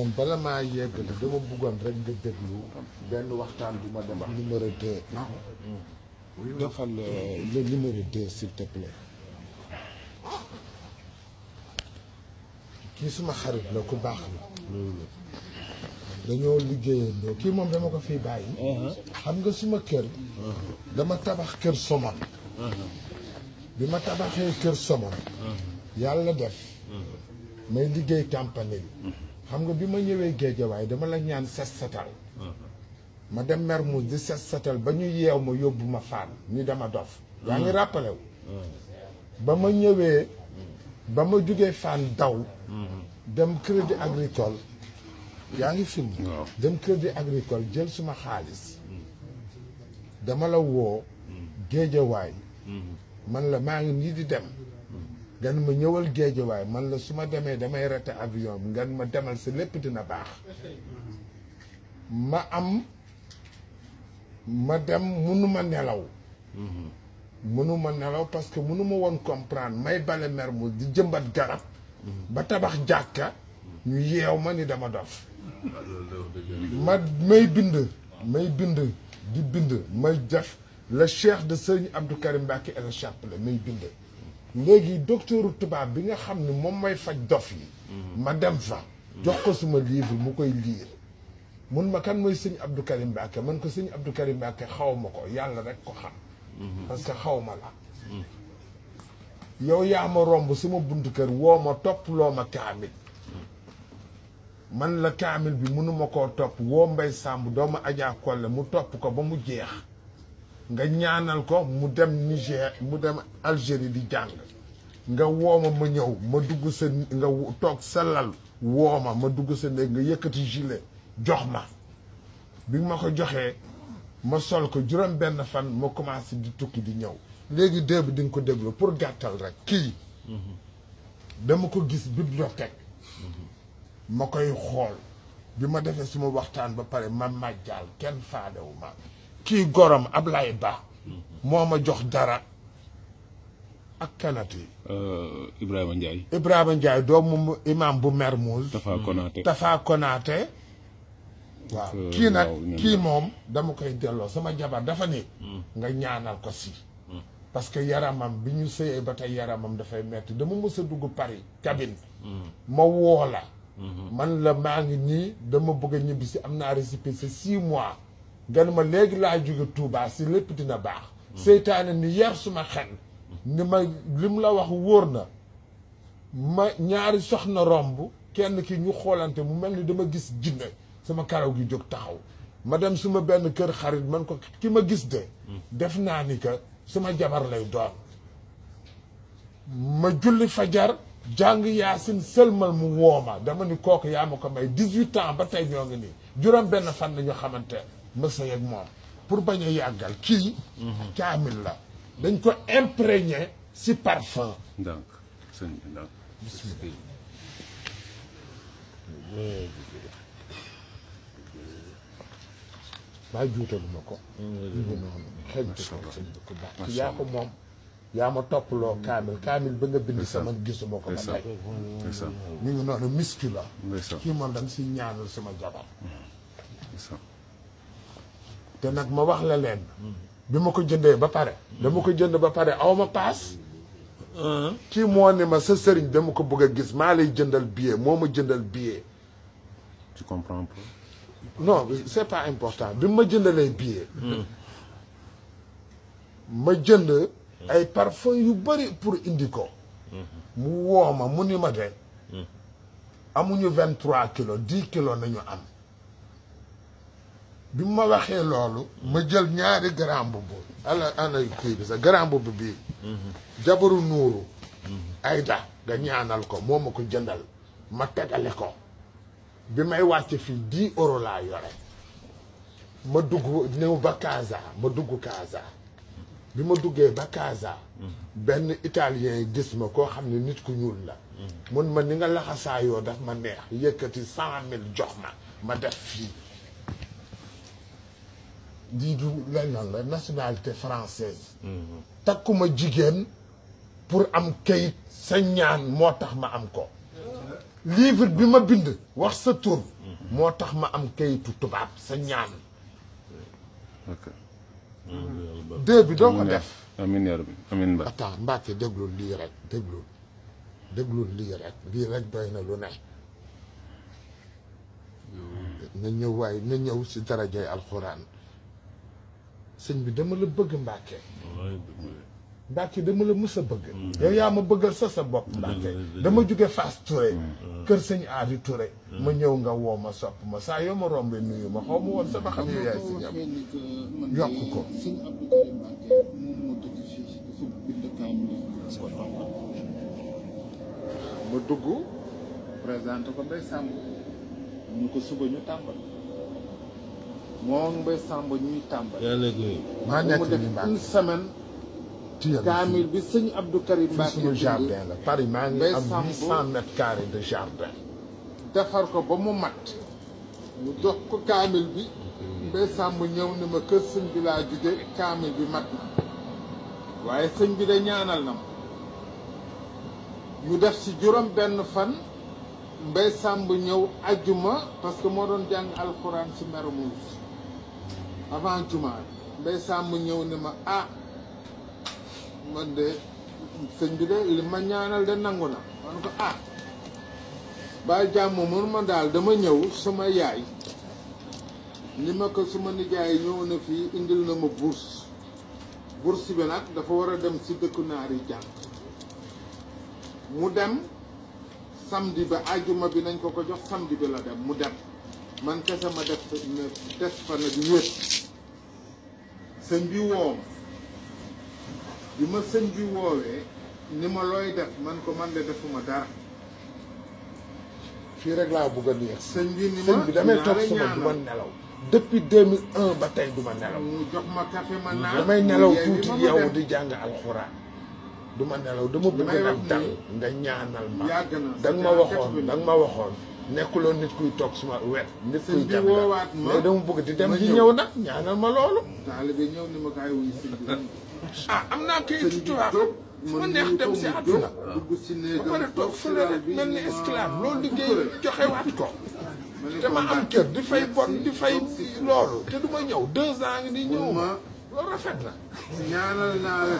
kon bala maa yeggali dama bëggoon rek nga déglu benn waxtaan bi ma dem numéro 2. Hmm. defal euh, le numéro kii suma xarit la ku baax la. dañoo liggéeyandoo kii moom dama ko fi bàyyi. Uh-huh. xam nga suma kër. Uh-huh. dama tabax kër somon. Uh-huh. bi ma tabaxee kër somon. yàlla def. may liggéey campagne bi. xam nga bi ma ñëwee géejawaay dama la ñaan set setal mm-hmm. ma dem Mermoz di set setal ba ñu yeew ma yóbbu ma faan ni dama dof yaa ngi mm-hmm. rappelé wu mm-hmm. ba ma ñëwee ba ma jugee faan daw dem crédit agricole yaa ngi film dem crédit agricole jël suma xaalis dama la woo géejawaay man la maa ngi nii di dem ngan ma ñëwal waaye man la su ma demee damay raté avion bi ngan ma demal si lépp dina baax ma am ma dem munuma nelaw munuma nelaw parce que munuma woon comprendre may bale mer di jëmbat garab ba tabax jàkka ñu yeew ma ni dama dof ma may bind may bind di bind may def le cheikh de Serigne Abdou Karim Mbacké et le Chapelet may bind léegi docteuru tubaab bi nga xam ne moom mooy faj dof yi mhm. ma dem fa jox ko suma livre mu koy liir mun ma kan mooy sëñ Abdou bi Mbacké man ko sëñ Abdou Karim Mbacké xaw ma ko yàlla rek ko xam mhm. parce que xaw ma la mhm. yow yaa ma romb suma buntu kër woo ma topp loo ma kaamil man la kaamil bi mënuma koo topp woo Mbay Sàmb doomu Ajaa Kolle mu topp ko ba mu jeex nga ñaanal ko mu dem Niger mu dem Algérie di jàng nga wooma ma ñëw ma dugg sa nga toog sa woo ma ma dugg sa néeg nga yëkkati gilet jox ma bi ma ko joxee ma sol ko juróom benn fan ma commencé di tukki di ñëw léegi déeb dinga ko déglu pour gàttal rek kii dama ko gis bibliothèque ma koy xool bi ma defee suma waxtaan ba pare ma màjjaal kenn faalewu ma kii gorom Ablaye Ba moo ma jox dara ak kanati euh, Ibrahima Ndiaye Ibrahima Ndiaye doomu imam bu Mermoz Tafa Konaté waaw euh, kii nag kii moom dama koy delloo sama jabar dafa ni nga ñaanal ko si hmm. parce que yaramam bi ñu sëyee ba tey yaramam dafay metti dama mës a dugg Paris cabine hmm. ma woo la hmm. man la maa ngi nii dama bëgg ñibbi si am naa récépissé six mois nga ma léegi laa jóge tuubaa si lépp dina baax seytaane ni yeer suma xel ni ma lim la wax wóor na ma ñaari soxna romb kenn ki ñu xoolante mu mel ni dama gis jinne sama karaw gi jóg taxaw ma dem suma benn kër xarit man ko ki ma gis de def naa ni que suma jabar lay doon ma julli fajar jàng yaasin sëlmal mu wooma dama ni kooku yaa ma ko may dix-huit ans ba tey ñoo ngi nii juróom benn fan la ñu xamante ma sëy moom pour bañ a yàggal kii kaamil la dañ ko imprégné si parfum baa juutalu ko noonu xeñtu ko ko baax yaa ko moom yaa ma ba nga bind ngi noonu miski la kii moom dañ si ñaanal sama jabar te nag ma wax la leen bi ma ko jëndee ba pare dama ko jënd ba pare aw ma paas ci moo ne ma sa dama ko bëgg a gis maa lay jëndal billet moo ma jëndal billet tu comprends pas non c'est important bi ma jëndalee billet ma jënd ay parfum yu bëri pour indi ko mu woo ma mu ni ma de hmm. amuñu vingt-trois kilos dix kilos nañu am bi ma waxee loolu ma jël ñaari grand mbubb ala ana kii bi sax grand mbubb bii jabaru nuuru ayda nga ñaanal ko moo ma ko jëndal ma tegale ko bi may wàcc fii dix euro laa yore ma dugg néew ba Casa ma dugg Casa bi ma duggee ba Casa benn italien yi gis ma koo xam ne nit ku ñuul la mun ma ni nga laxasaayoo daf ma neex yëkkati cent mille jox ma ma def fii di du lañ naan la nationalité française mhm. takkuma jigéen pour am kayit sa ñaan moo tax ma am ko livre bi ma bind wax sa tur mhm. moo tax ma am kayitu tubaab sa ñaan deux bi doo ko def amiin yaa rabbi amiin ba attends Mbacke déglul lii rek déglul déglul lii rek lii rek doy na lu ne na ñëw waaye na ñëw si darajay alxuraan sëñ bi dama la bëgg Mbàkke Mbàkke dama la mës a mm. ma bëggal sa sa bopp Mbàkke dama jóge Fass mm. kër sëñ Aadi mm. ma ñëw nga woo ma sopp ma saa yoo ma rombe nuyu ma yokk ko ma dugg présenté ko Ndeye Samb ñu ko suba ñu tàmbal moom Mbaye Samba ñuy tàmbali. yàlla mu def une semaine. kaamil bi sëñ Abdou Karim Mbacke suñu jardin la Paris maa am huit cent de jardin. ko ba mu mat. mu jox ko kaamil bi. Mbaye Samba ñëw ne ma kër sëñ bi laa juge kaamil bi mat na. waaye sëñ bi de ñaanal na ma. ñu def ci juróom benn fan. Mbaye sàmb ñëw ajjuma parce que moo doon jàng alxuraan ci meru avant juma mbay sàmm ñëw ne ma ah man de sëñ bi de li ma ñaanal de nangu na man ko ah ba jàmm mun daal dama ñëw sama yaay ni ma ko suma nijaay ñëw na fii indil na ma bourse bourse bi nag dafa war a dem si dëkku naar yi jàng mu dem samedi ba ajuma bi nañ ko ko jox samedi bi la dem mu dem man kese ma def des fa nag wéet sëñ bi woo bi ma sëñ bi woowee ni ma looy def man ko man de defuma dara fii rek laa bëgg a neex sëñ bi ni ma sëñ bi damay toog sama du ma nelaw depuis 2001 ba tey du ma nelaw mu ma café ma naan damay nelaw tuuti yow di jàng alxuraan du ma nelaw dama bëgg nag dal nga ñaanal ma danga ma waxoon danga ma waxoon nekkuloon nit kuy toog suma wet. nit kuy dem la mais dama bëgg di dem di ñëw nag ñaanal ma loolu. taalibe ñëw ni ma kaay wuyu si. ah am naa kayitu tubaab fu ma neex dem si àdduna. ba pare toog fële rek mel ni esclave loolu liggéey joxe waat ko. te ma am kër di fay bon di fay loolu te du ma ñëw deux ans ngi di ñëw ma loolu rafet na. la.